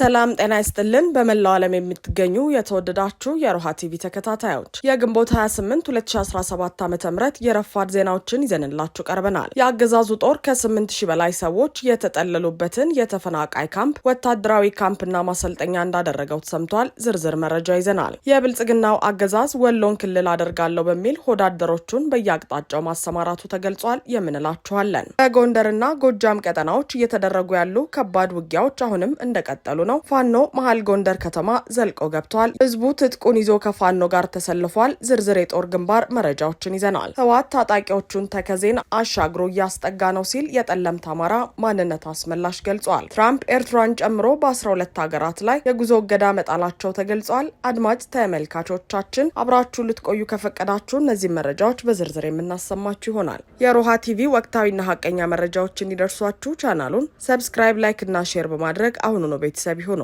ሰላም ጤና ይስጥልን። በመላው ዓለም የምትገኙ የተወደዳችሁ የሮሃ ቲቪ ተከታታዮች የግንቦት 28 2017 ዓ ም የረፋድ ዜናዎችን ይዘንላችሁ ቀርበናል። የአገዛዙ ጦር ከ8 ሺ በላይ ሰዎች የተጠለሉበትን የተፈናቃይ ካምፕ ወታደራዊ ካምፕና ማሰልጠኛ እንዳደረገው ተሰምቷል። ዝርዝር መረጃ ይዘናል። የብልጽግናው አገዛዝ ወሎን ክልል አደርጋለሁ በሚል ሆዳደሮቹን በየአቅጣጫው ማሰማራቱ ተገልጿል። የምንላችኋለን። በጎንደርና ጎጃም ቀጠናዎች እየተደረጉ ያሉ ከባድ ውጊያዎች አሁንም እንደቀጠሉ ነው። ፋኖ መሀል ጎንደር ከተማ ዘልቆ ገብቷል። ህዝቡ ትጥቁን ይዞ ከፋኖ ጋር ተሰልፏል። ዝርዝር የጦር ግንባር መረጃዎችን ይዘናል። ህወሓት ታጣቂዎቹን ተከዜን አሻግሮ እያስጠጋ ነው ሲል የጠለምት አማራ ማንነት አስመላሽ ገልጿል። ትራምፕ ኤርትራን ጨምሮ በ12 ሀገራት ላይ የጉዞ እገዳ መጣላቸው ተገልጿል። አድማጭ ተመልካቾቻችን አብራችሁ ልትቆዩ ከፈቀዳችሁ እነዚህ መረጃዎች በዝርዝር የምናሰማችሁ ይሆናል። የሮሃ ቲቪ ወቅታዊና ሀቀኛ መረጃዎች እንዲደርሷችሁ ቻናሉን ሰብስክራይብ፣ ላይክ እና ሼር በማድረግ ነው ቤተሰብ ቢሆኑ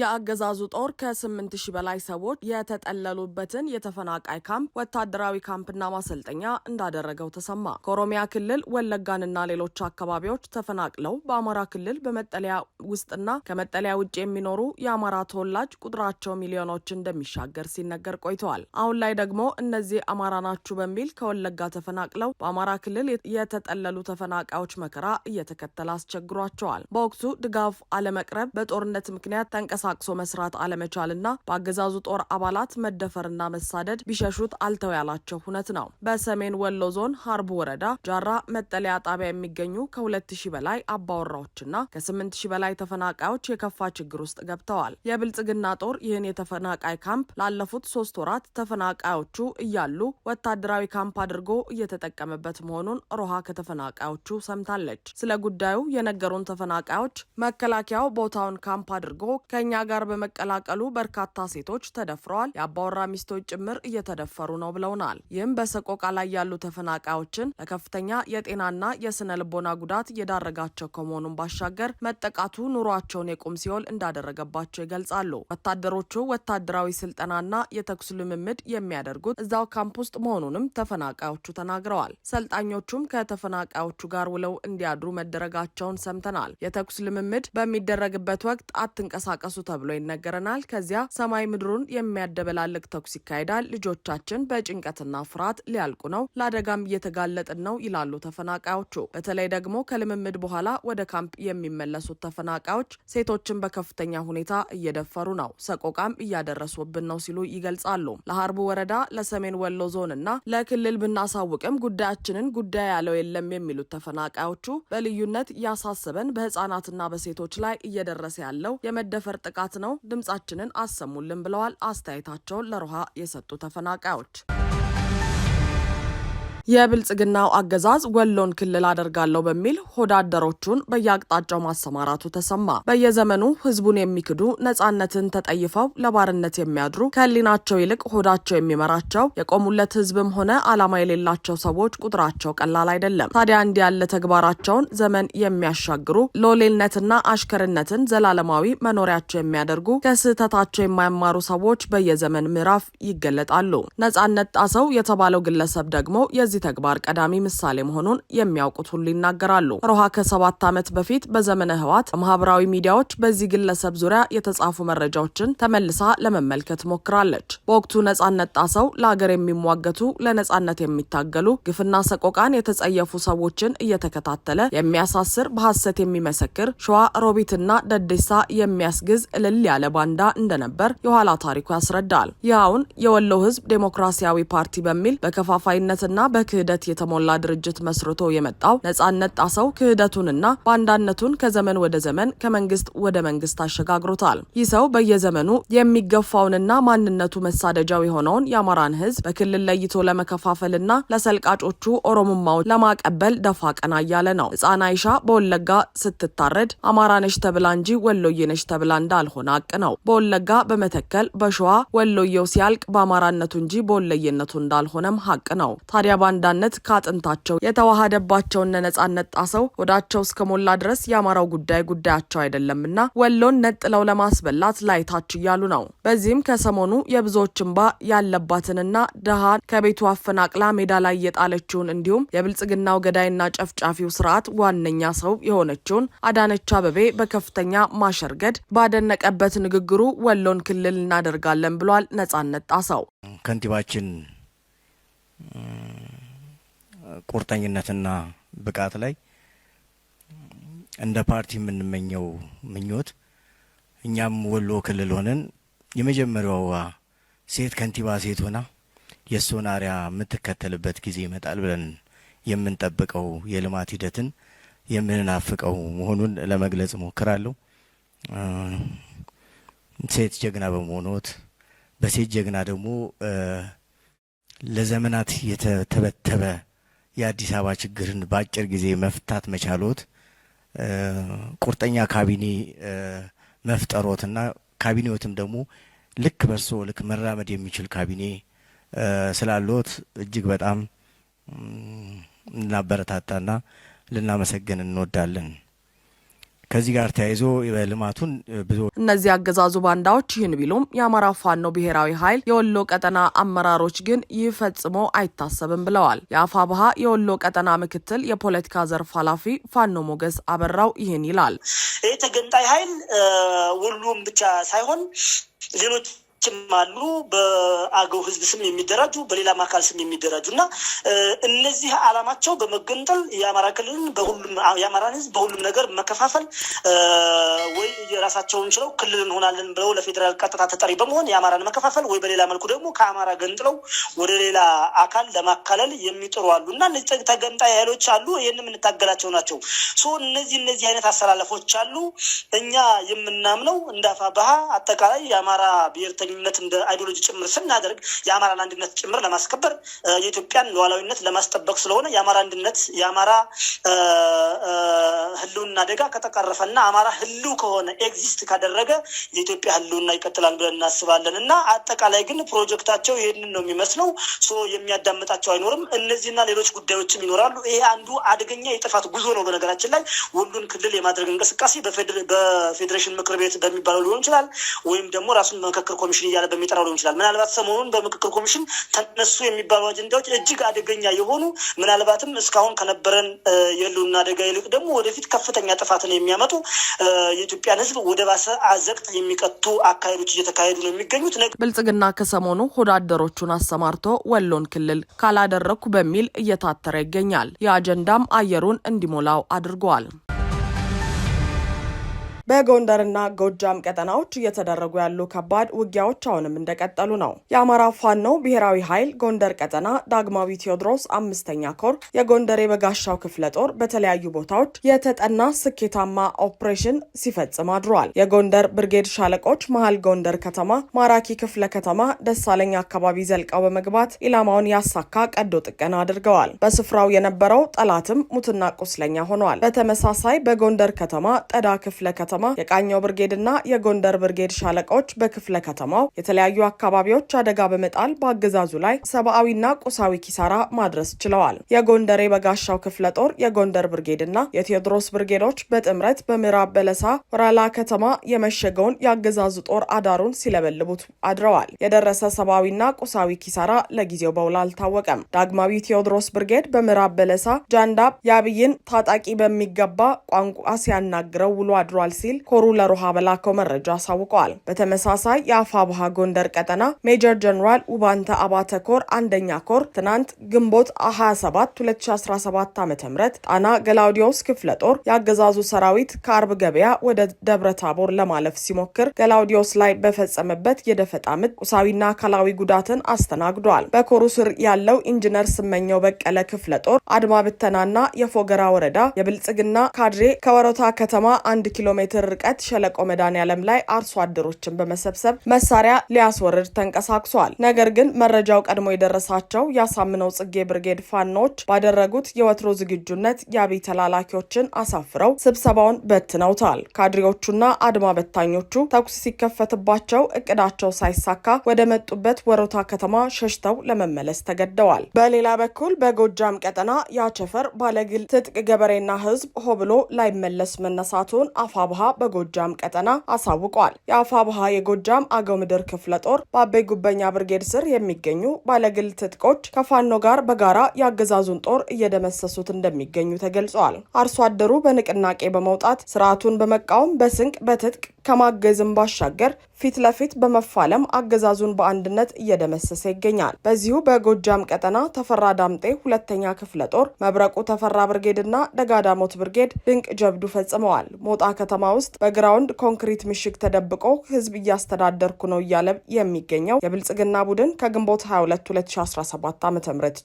የአገዛዙ ጦር ከስምንት ሺህ በላይ ሰዎች የተጠለሉበትን የተፈናቃይ ካምፕ ወታደራዊ ካምፕና ማሰልጠኛ እንዳደረገው ተሰማ። ከኦሮሚያ ክልል ወለጋንና ሌሎች አካባቢዎች ተፈናቅለው በአማራ ክልል በመጠለያ ውስጥና ከመጠለያ ውጭ የሚኖሩ የአማራ ተወላጅ ቁጥራቸው ሚሊዮኖች እንደሚሻገር ሲነገር ቆይተዋል። አሁን ላይ ደግሞ እነዚህ አማራ ናችሁ በሚል ከወለጋ ተፈናቅለው በአማራ ክልል የተጠለሉ ተፈናቃዮች መከራ እየተከተለ አስቸግሯቸዋል። በወቅቱ ድጋፍ አለመቅረብ በጦርነት ምክንያት ተንቀ ተንቀሳቅሶ መስራት አለመቻልና በአገዛዙ ጦር አባላት መደፈርና መሳደድ ቢሸሹት አልተው ያላቸው ሁነት ነው። በሰሜን ወሎ ዞን ሀርቡ ወረዳ ጃራ መጠለያ ጣቢያ የሚገኙ ከ2000 በላይ አባወራዎችና ከ8000 በላይ ተፈናቃዮች የከፋ ችግር ውስጥ ገብተዋል። የብልጽግና ጦር ይህን የተፈናቃይ ካምፕ ላለፉት ሶስት ወራት ተፈናቃዮቹ እያሉ ወታደራዊ ካምፕ አድርጎ እየተጠቀመበት መሆኑን ሮሃ ከተፈናቃዮቹ ሰምታለች። ስለ ጉዳዩ የነገሩን ተፈናቃዮች መከላከያው ቦታውን ካምፕ አድርጎ ከኛ ከኛ ጋር በመቀላቀሉ በርካታ ሴቶች ተደፍረዋል፣ የአባወራ ሚስቶች ጭምር እየተደፈሩ ነው ብለውናል። ይህም በሰቆቃ ላይ ያሉ ተፈናቃዮችን ለከፍተኛ የጤናና የስነ ልቦና ጉዳት እየዳረጋቸው ከመሆኑን ባሻገር መጠቃቱ ኑሯቸውን የቁም ሲኦል እንዳደረገባቸው ይገልጻሉ። ወታደሮቹ ወታደራዊ ስልጠናና የተኩስ ልምምድ የሚያደርጉት እዛው ካምፕ ውስጥ መሆኑንም ተፈናቃዮቹ ተናግረዋል። ሰልጣኞቹም ከተፈናቃዮቹ ጋር ውለው እንዲያድሩ መደረጋቸውን ሰምተናል። የተኩስ ልምምድ በሚደረግበት ወቅት አትንቀሳቀሱ ተብሎ ይነገረናል። ከዚያ ሰማይ ምድሩን የሚያደበላልቅ ተኩስ ይካሄዳል። ልጆቻችን በጭንቀትና ፍርሃት ሊያልቁ ነው፣ ለአደጋም እየተጋለጥን ነው ይላሉ ተፈናቃዮቹ። በተለይ ደግሞ ከልምምድ በኋላ ወደ ካምፕ የሚመለሱት ተፈናቃዮች ሴቶችን በከፍተኛ ሁኔታ እየደፈሩ ነው፣ ሰቆቃም እያደረሱብን ነው ሲሉ ይገልጻሉ። ለሀርቡ ወረዳ፣ ለሰሜን ወሎ ዞን እና ለክልል ብናሳውቅም ጉዳያችንን ጉዳይ ያለው የለም የሚሉት ተፈናቃዮቹ በልዩነት ያሳስበን በህጻናትና በሴቶች ላይ እየደረሰ ያለው የመደፈር ጥቃት ነው፣ ድምጻችንን አሰሙልን ብለዋል አስተያየታቸውን ለሮሃ የሰጡ ተፈናቃዮች። የብልጽግናው አገዛዝ ወሎን ክልል አደርጋለሁ በሚል ሆዳደሮቹን በየአቅጣጫው ማሰማራቱ ተሰማ። በየዘመኑ ህዝቡን የሚክዱ ነጻነትን ተጠይፈው ለባርነት የሚያድሩ ከህሊናቸው ይልቅ ሆዳቸው የሚመራቸው የቆሙለት ህዝብም ሆነ ዓላማ የሌላቸው ሰዎች ቁጥራቸው ቀላል አይደለም። ታዲያ እንዲህ ያለ ተግባራቸውን ዘመን የሚያሻግሩ ሎሌልነትና አሽከርነትን ዘላለማዊ መኖሪያቸው የሚያደርጉ ከስህተታቸው የማይማሩ ሰዎች በየዘመን ምዕራፍ ይገለጣሉ። ነጻነት ጣሰው የተባለው ግለሰብ ደግሞ የዚህ ለዚህ ተግባር ቀዳሚ ምሳሌ መሆኑን የሚያውቁት ሁሉ ይናገራሉ። ሮሃ ከሰባት ዓመት በፊት በዘመነ ህዋት በማህበራዊ ሚዲያዎች በዚህ ግለሰብ ዙሪያ የተጻፉ መረጃዎችን ተመልሳ ለመመልከት ሞክራለች። በወቅቱ ነጻነት ጣሰው ለሀገር የሚሟገቱ ለነጻነት የሚታገሉ ግፍና ሰቆቃን የተጸየፉ ሰዎችን እየተከታተለ የሚያሳስር በሐሰት የሚመሰክር ሸዋ ሮቢትና ደዴሳ የሚያስግዝ እልል ያለ ባንዳ እንደነበር የኋላ ታሪኩ ያስረዳል። ይኸውን የወሎ ህዝብ ዴሞክራሲያዊ ፓርቲ በሚል በከፋፋይነትና በ ክህደት የተሞላ ድርጅት መስርቶ የመጣው ነጻነት ጣሰው ክህደቱንና ባንዳነቱን ከዘመን ወደ ዘመን ከመንግስት ወደ መንግስት አሸጋግሮታል። ይህ ሰው በየዘመኑ የሚገፋውንና ማንነቱ መሳደጃው የሆነውን የአማራን ህዝብ በክልል ለይቶ ለመከፋፈልና ለሰልቃጮቹ ኦሮሞማውን ለማቀበል ደፋ ቀና እያለ ነው። ህፃን አይሻ በወለጋ ስትታረድ አማራ ነሽ ተብላ እንጂ ወሎዬ ነሽ ተብላ እንዳልሆነ አቅ ነው። በወለጋ በመተከል በሸዋ ወሎዬው ሲያልቅ በአማራነቱ እንጂ በወለየነቱ እንዳልሆነም ሀቅ ነው። ታዲያ ባንዳነት ከአጥንታቸው የተዋሃደባቸውን ነጻነት ጣሰው ወዳቸው እስከሞላ ድረስ የአማራው ጉዳይ ጉዳያቸው አይደለምና ወሎን ነጥለው ለማስበላት ላይታች እያሉ ነው። በዚህም ከሰሞኑ የብዙዎች እንባ ያለባትንና ድሃ ከቤቱ አፈናቅላ ሜዳ ላይ የጣለችውን እንዲሁም የብልጽግናው ገዳይና ጨፍጫፊው ስርዓት ዋነኛ ሰው የሆነችውን አዳነች አበቤ በከፍተኛ ማሸርገድ ባደነቀበት ንግግሩ ወሎን ክልል እናደርጋለን ብሏል። ነጻነት ጣሰው ከንቲባችን ቁርጠኝነትና ብቃት ላይ እንደ ፓርቲ የምንመኘው ምኞት እኛም ወሎ ክልል ሆነን የመጀመሪያዋ ሴት ከንቲባ ሴት ሆና የእሱን አርያ የምትከተልበት ጊዜ ይመጣል ብለን የምንጠብቀው የልማት ሂደትን የምንናፍቀው መሆኑን ለመግለጽ እሞክራለሁ። ሴት ጀግና በመሆኖት በሴት ጀግና ደግሞ ለዘመናት የተተበተበ የአዲስ አበባ ችግርን በአጭር ጊዜ መፍታት መቻሎት ቁርጠኛ ካቢኔ እና ካቢኔዎትም ደግሞ ልክ በርሶ ልክ መራመድ የሚችል ካቢኔ ስላለት እጅግ በጣም ልናበረታታና ልናመሰግን እንወዳለን። ከዚህ ጋር ተያይዞ ልማቱን ብዙ እነዚህ አገዛዙ ባንዳዎች ይህን ቢሉም የአማራ ፋኖ ብሔራዊ ኃይል የወሎ ቀጠና አመራሮች ግን ይህ ፈጽሞ አይታሰብም ብለዋል። የአፋ ባሃ የወሎ ቀጠና ምክትል የፖለቲካ ዘርፍ ኃላፊ ፋኖ ሞገስ አበራው ይህን ይላል። ይህ ተገንጣይ ኃይል ወሎም ብቻ ሳይሆን ሌሎች ችም አሉ በአገው ህዝብ ስም የሚደራጁ በሌላም አካል ስም የሚደራጁ እና እነዚህ አላማቸው በመገንጠል የአማራ ክልልን በሁሉም የአማራን ህዝብ በሁሉም ነገር መከፋፈል ወይ የራሳቸውን ችለው ክልል እንሆናለን ብለው ለፌዴራል ቀጥታ ተጠሪ በመሆን የአማራን መከፋፈል ወይ በሌላ መልኩ ደግሞ ከአማራ ገንጥለው ወደ ሌላ አካል ለማካለል የሚጥሩ አሉ እና እነዚህ ተገንጣይ ኃይሎች አሉ። ይህን የምንታገላቸው ናቸው። እነዚህ እነዚህ አይነት አሰላለፎች አሉ። እኛ የምናምነው እንዳፋ ባህ አጠቃላይ የአማራ ብሔርተ ገለልተኝነት እንደ አይዲዮሎጂ ጭምር ስናደርግ የአማራን አንድነት ጭምር ለማስከበር የኢትዮጵያን ሉዓላዊነት ለማስጠበቅ ስለሆነ የአማራ አንድነት የአማራ ህልውና አደጋ ከተቀረፈና አማራ ህልው ከሆነ ኤግዚስት ካደረገ የኢትዮጵያ ህልውና ይቀጥላል ብለን እናስባለን እና አጠቃላይ ግን ፕሮጀክታቸው ይህንን ነው የሚመስለው። ሶ የሚያዳምጣቸው አይኖርም። እነዚህና ሌሎች ጉዳዮችም ይኖራሉ። ይሄ አንዱ አደገኛ የጥፋት ጉዞ ነው። በነገራችን ላይ ሁሉን ክልል የማድረግ እንቅስቃሴ በፌዴሬሽን ምክር ቤት በሚባለው ሊሆን ይችላል ወይም ደግሞ ራሱን ምክክር ኮሚሽን ኮሚሽን እያለ በሚጠራው ሊሆን ይችላል። ምናልባት ሰሞኑን በምክክር ኮሚሽን ተነሱ የሚባሉ አጀንዳዎች እጅግ አደገኛ የሆኑ ምናልባትም እስካሁን ከነበረን የህልውና አደጋ ይልቅ ደግሞ ወደፊት ከፍተኛ ጥፋትን የሚያመጡ የኢትዮጵያን ህዝብ ወደ ባሰ አዘቅት የሚቀጡ አካሄዶች እየተካሄዱ ነው የሚገኙት። ብልጽግና ከሰሞኑ ሆዳደሮቹን አሰማርቶ ወሎን ክልል ካላደረግኩ በሚል እየታተረ ይገኛል። የአጀንዳም አየሩን እንዲሞላው አድርገዋል። በጎንደርና ጎጃም ቀጠናዎች እየተደረጉ ያሉ ከባድ ውጊያዎች አሁንም እንደቀጠሉ ነው። የአማራ ፋኖ ብሔራዊ ኃይል ጎንደር ቀጠና ዳግማዊ ቴዎድሮስ አምስተኛ ኮር የጎንደር የበጋሻው ክፍለ ጦር በተለያዩ ቦታዎች የተጠና ስኬታማ ኦፕሬሽን ሲፈጽም አድሯል። የጎንደር ብርጌድ ሻለቆች መሀል ጎንደር ከተማ ማራኪ ክፍለ ከተማ ደሳለኝ አካባቢ ዘልቀው በመግባት ኢላማውን ያሳካ ቀዶ ጥገና አድርገዋል። በስፍራው የነበረው ጠላትም ሙትና ቁስለኛ ሆኗል። በተመሳሳይ በጎንደር ከተማ ጠዳ ክፍለ ከተማ ከተማ የቃኘው ብርጌድና የጎንደር ብርጌድ ሻለቃዎች በክፍለ ከተማው የተለያዩ አካባቢዎች አደጋ በመጣል በአገዛዙ ላይ ሰብአዊና ቁሳዊ ኪሳራ ማድረስ ችለዋል። የጎንደር የበጋሻው ክፍለ ጦር፣ የጎንደር ብርጌድና የቴዎድሮስ ብርጌዶች በጥምረት በምዕራብ በለሳ ወራላ ከተማ የመሸገውን የአገዛዙ ጦር አዳሩን ሲለበልቡት አድረዋል። የደረሰ ሰብአዊና ቁሳዊ ኪሳራ ለጊዜው በውል አልታወቀም። ዳግማዊ ቴዎድሮስ ብርጌድ በምዕራብ በለሳ ጃንዳብ የአብይን ታጣቂ በሚገባ ቋንቋ ሲያናግረው ውሎ አድሯል ሲል ሲል ኮሩ ለሮሃ በላከው መረጃ አሳውቀዋል። በተመሳሳይ የአፋ ባሃ ጎንደር ቀጠና ሜጀር ጀኔራል ውባንተ አባተ ኮር አንደኛ ኮር ትናንት ግንቦት 27 2017 ዓ ም ጣና ገላውዲዮስ ክፍለ ጦር የአገዛዙ ሰራዊት ከአርብ ገበያ ወደ ደብረ ታቦር ለማለፍ ሲሞክር ገላውዲዮስ ላይ በፈጸመበት የደፈጣ ምት ቁሳዊና አካላዊ ጉዳትን አስተናግዷል። በኮሩ ስር ያለው ኢንጂነር ስመኘው በቀለ ክፍለ ጦር አድማ ብተናና የፎገራ ወረዳ የብልጽግና ካድሬ ከወረታ ከተማ አንድ ኪሎ ሜትር ሜትር ርቀት ሸለቆ መድኃኔዓለም ላይ አርሶ አደሮችን በመሰብሰብ መሳሪያ ሊያስወርድ ተንቀሳቅሷል። ነገር ግን መረጃው ቀድሞ የደረሳቸው ያሳምነው ጽጌ ብርጌድ ፋኖች ባደረጉት የወትሮ ዝግጁነት የአብይ ተላላኪዎችን አሳፍረው ስብሰባውን በትነውታል። ካድሬዎቹና አድማ በታኞቹ ተኩስ ሲከፈትባቸው እቅዳቸው ሳይሳካ ወደ መጡበት ወሮታ ከተማ ሸሽተው ለመመለስ ተገደዋል። በሌላ በኩል በጎጃም ቀጠና ያቸፈር ባለግል ትጥቅ ገበሬና ህዝብ ሆብሎ ላይመለስ መነሳቱን አፋ አፋብሃ በጎጃም ቀጠና አሳውቋል። የአፋብሃ የጎጃም አገው ምድር ክፍለ ጦር በአቤ ጉበኛ ብርጌድ ስር የሚገኙ ባለግል ትጥቆች ከፋኖ ጋር በጋራ የአገዛዙን ጦር እየደመሰሱት እንደሚገኙ ተገልጿል። አርሶ አደሩ በንቅናቄ በመውጣት ስርዓቱን በመቃወም በስንቅ በትጥቅ ከማገዝም ባሻገር ፊት ለፊት በመፋለም አገዛዙን በአንድነት እየደመሰሰ ይገኛል። በዚሁ በጎጃም ቀጠና ተፈራ ዳምጤ ሁለተኛ ክፍለ ጦር መብረቁ ተፈራ ብርጌድና ደጋዳሞት ብርጌድ ድንቅ ጀብዱ ፈጽመዋል። ሞጣ ከተማ ውስጥ በግራውንድ ኮንክሪት ምሽግ ተደብቆ ህዝብ እያስተዳደርኩ ነው እያለ የሚገኘው የብልጽግና ቡድን ከግንቦት 22 2017 ዓ ም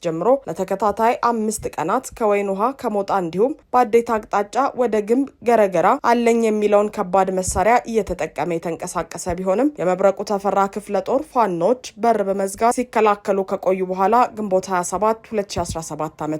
ጀምሮ ለተከታታይ አምስት ቀናት ከወይን ውሃ ከሞጣ እንዲሁም በአዴት አቅጣጫ ወደ ግንብ ገረገራ አለኝ የሚለውን ከባድ መሳሪያ እየተጠቀመ የተንቀሳቀሰ ቢሆንም የመብረቁ ተፈራ ክፍለ ጦር ፋኖች በር በመዝጋት ሲከላከሉ ከቆዩ በኋላ ግንቦት 27 2017 ዓ ም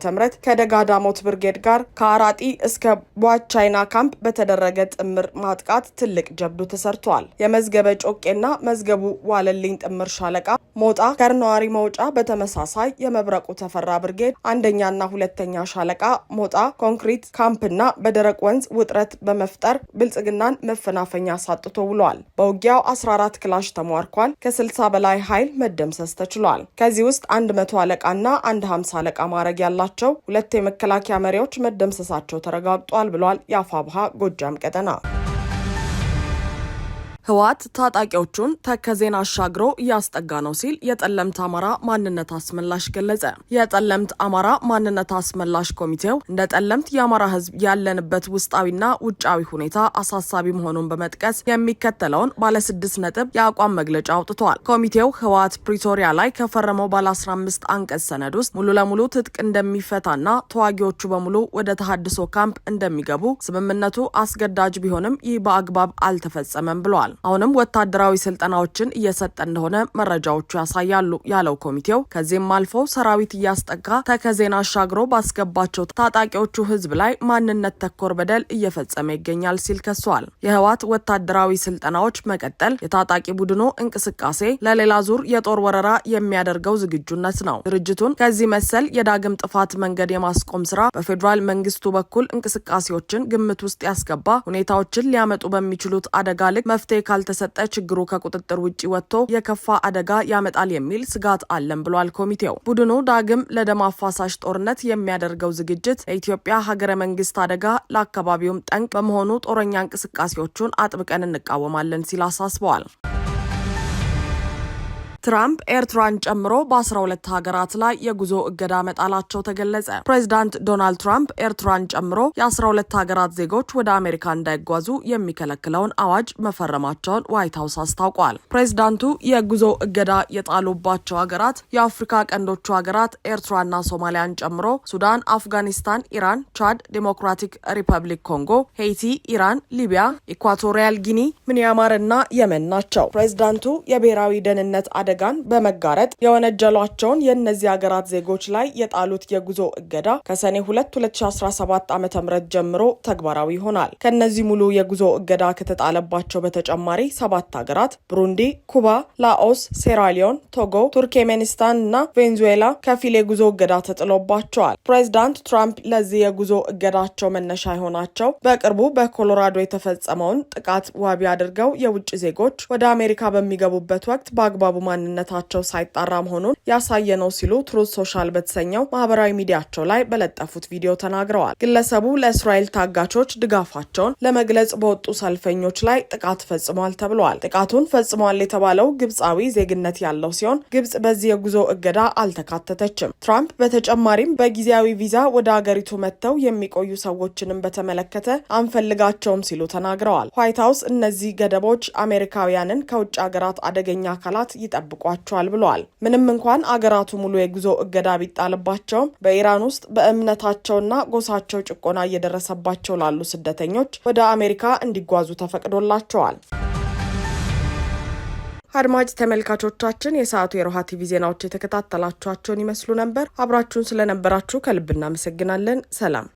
ከደጋዳሞት ብርጌድ ጋር ከአራጢ እስከ ቧ ቻይና ካምፕ በተደረገ ጥምር ማጥቃት ትልቅ ጀብዱ ተሰርቷል። የመዝገበ ጮቄና መዝገቡ ዋለልኝ ጥምር ሻለቃ ሞጣ ከርነዋሪ መውጫ በተመሳሳይ የመብረቁ ተፈራ ብርጌድ አንደኛና ሁለተኛ ሻለቃ ሞጣ ኮንክሪት ካምፕና በደረቅ ወንዝ ውጥረት በመፍጠር ብልጽግናን መፈናፈኛ አሳጥቶ ውሏል። በውጊያው 14 ክላሽ ተሟርኳል። ከ60 በላይ ኃይል መደምሰስ ተችሏል። ከዚህ ውስጥ አንድ አለቃና 150 አለቃ ማዕረግ ያላቸው ሁለት የመከላከያ መሪዎች መደምሰሳቸው ተረጋግጧል ብሏል የአፋብሃ ጎጃም ቀጠና ህወሓት ታጣቂዎቹን ተከዜን አሻግሮ እያስጠጋ ነው ሲል የጠለምት አማራ ማንነት አስመላሽ ገለጸ። የጠለምት አማራ ማንነት አስመላሽ ኮሚቴው እንደ ጠለምት የአማራ ህዝብ ያለንበት ውስጣዊና ውጫዊ ሁኔታ አሳሳቢ መሆኑን በመጥቀስ የሚከተለውን ባለስድስት ነጥብ የአቋም መግለጫ አውጥተዋል። ኮሚቴው ህወሓት ፕሪቶሪያ ላይ ከፈረመው ባለ 15 አንቀጽ ሰነድ ውስጥ ሙሉ ለሙሉ ትጥቅ እንደሚፈታና ተዋጊዎቹ በሙሉ ወደ ተሃድሶ ካምፕ እንደሚገቡ ስምምነቱ አስገዳጅ ቢሆንም ይህ በአግባብ አልተፈጸመም ብለዋል። አሁንም ወታደራዊ ስልጠናዎችን እየሰጠ እንደሆነ መረጃዎቹ ያሳያሉ ያለው ኮሚቴው ከዚህም አልፎ ሰራዊት እያስጠጋ ተከዜን አሻግሮ ባስገባቸው ታጣቂዎቹ ህዝብ ላይ ማንነት ተኮር በደል እየፈጸመ ይገኛል ሲል ከሷል። የህወሓት ወታደራዊ ስልጠናዎች መቀጠል የታጣቂ ቡድኑ እንቅስቃሴ ለሌላ ዙር የጦር ወረራ የሚያደርገው ዝግጁነት ነው። ድርጅቱን ከዚህ መሰል የዳግም ጥፋት መንገድ የማስቆም ስራ በፌዴራል መንግስቱ በኩል እንቅስቃሴዎችን ግምት ውስጥ ያስገባ ሁኔታዎችን ሊያመጡ በሚችሉት አደጋ ልክ መፍትሄ ካልተሰጠ ችግሩ ከቁጥጥር ውጭ ወጥቶ የከፋ አደጋ ያመጣል የሚል ስጋት አለን ብሏል ኮሚቴው። ቡድኑ ዳግም ለደም አፋሳሽ ጦርነት የሚያደርገው ዝግጅት ለኢትዮጵያ ሀገረ መንግስት አደጋ፣ ለአካባቢውም ጠንቅ በመሆኑ ጦረኛ እንቅስቃሴዎቹን አጥብቀን እንቃወማለን ሲል አሳስበዋል። ትራምፕ ኤርትራን ጨምሮ በ12 ሀገራት ላይ የጉዞ እገዳ መጣላቸው ተገለጸ። ፕሬዚዳንት ዶናልድ ትራምፕ ኤርትራን ጨምሮ የ12 ሀገራት ዜጎች ወደ አሜሪካ እንዳይጓዙ የሚከለክለውን አዋጅ መፈረማቸውን ዋይት ሀውስ አስታውቋል። ፕሬዚዳንቱ የጉዞ እገዳ የጣሉባቸው ሀገራት የአፍሪካ ቀንዶቹ ሀገራት ኤርትራና ሶማሊያን ጨምሮ ሱዳን፣ አፍጋኒስታን፣ ኢራን፣ ቻድ፣ ዴሞክራቲክ ሪፐብሊክ ኮንጎ፣ ሄይቲ፣ ኢራን፣ ሊቢያ፣ ኢኳቶሪያል ጊኒ፣ ምንያማር እና የመን ናቸው። ፕሬዚዳንቱ የብሔራዊ ደህንነት አደ አደጋን በመጋረጥ የወነጀሏቸውን የእነዚህ ሀገራት ዜጎች ላይ የጣሉት የጉዞ እገዳ ከሰኔ 2 2017 ዓ ም ጀምሮ ተግባራዊ ይሆናል። ከእነዚህ ሙሉ የጉዞ እገዳ ከተጣለባቸው በተጨማሪ ሰባት ሀገራት ብሩንዲ፣ ኩባ፣ ላኦስ፣ ሴራሊዮን፣ ቶጎ፣ ቱርክሜኒስታን እና ቬንዙዌላ ከፊል የጉዞ እገዳ ተጥሎባቸዋል። ፕሬዚዳንት ትራምፕ ለዚህ የጉዞ እገዳቸው መነሻ የሆናቸው በቅርቡ በኮሎራዶ የተፈጸመውን ጥቃት ዋቢ አድርገው የውጭ ዜጎች ወደ አሜሪካ በሚገቡበት ወቅት በአግባቡ ማነ ማንነታቸው ሳይጣራ መሆኑን ያሳየ ነው ሲሉ ትሩዝ ሶሻል በተሰኘው ማህበራዊ ሚዲያቸው ላይ በለጠፉት ቪዲዮ ተናግረዋል። ግለሰቡ ለእስራኤል ታጋቾች ድጋፋቸውን ለመግለጽ በወጡ ሰልፈኞች ላይ ጥቃት ፈጽሟል ተብሏል። ጥቃቱን ፈጽሟል የተባለው ግብፃዊ ዜግነት ያለው ሲሆን ግብጽ በዚህ የጉዞ እገዳ አልተካተተችም። ትራምፕ በተጨማሪም በጊዜያዊ ቪዛ ወደ አገሪቱ መጥተው የሚቆዩ ሰዎችንም በተመለከተ አንፈልጋቸውም ሲሉ ተናግረዋል። ዋይት ሀውስ እነዚህ ገደቦች አሜሪካውያንን ከውጭ ሀገራት አደገኛ አካላት ይጠብቁ ይጠብቋቸዋል ብለዋል። ምንም እንኳን አገራቱ ሙሉ የጉዞ እገዳ ቢጣልባቸውም በኢራን ውስጥ በእምነታቸውና ጎሳቸው ጭቆና እየደረሰባቸው ላሉ ስደተኞች ወደ አሜሪካ እንዲጓዙ ተፈቅዶላቸዋል። አድማጭ ተመልካቾቻችን የሰዓቱ የሮሃ ቲቪ ዜናዎች የተከታተላችኋቸውን ይመስሉ ነበር። አብራችሁን ስለነበራችሁ ከልብ እናመሰግናለን። ሰላም